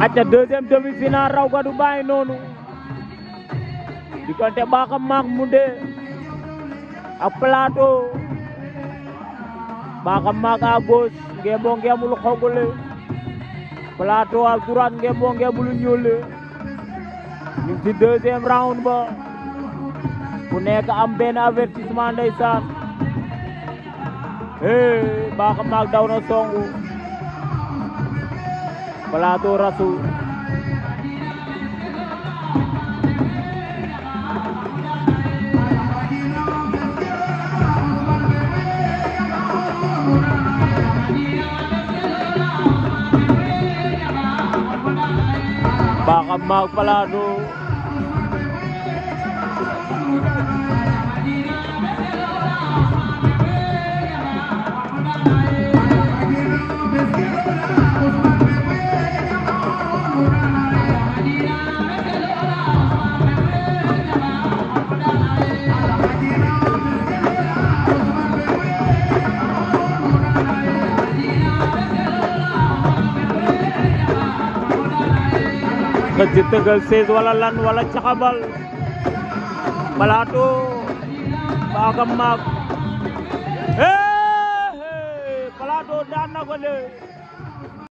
acca deuxième demi-finale raw gadu bàyyi noonu diggante Bakam maak Moundé ak Plateau Bakam maak à gauche ngembo ngemul xogole Plateau à droite ngembo ngemul ñuule ñu ci deuxième round ba ku nekk am benn avertissement ndeysaan hey Bakam maak daw songu Balato Rasu. Baka magpalano. Thank you. xëcc tëgal sees wala lan wala caxabal Plateau mbaaga maag Plateau daan na ko de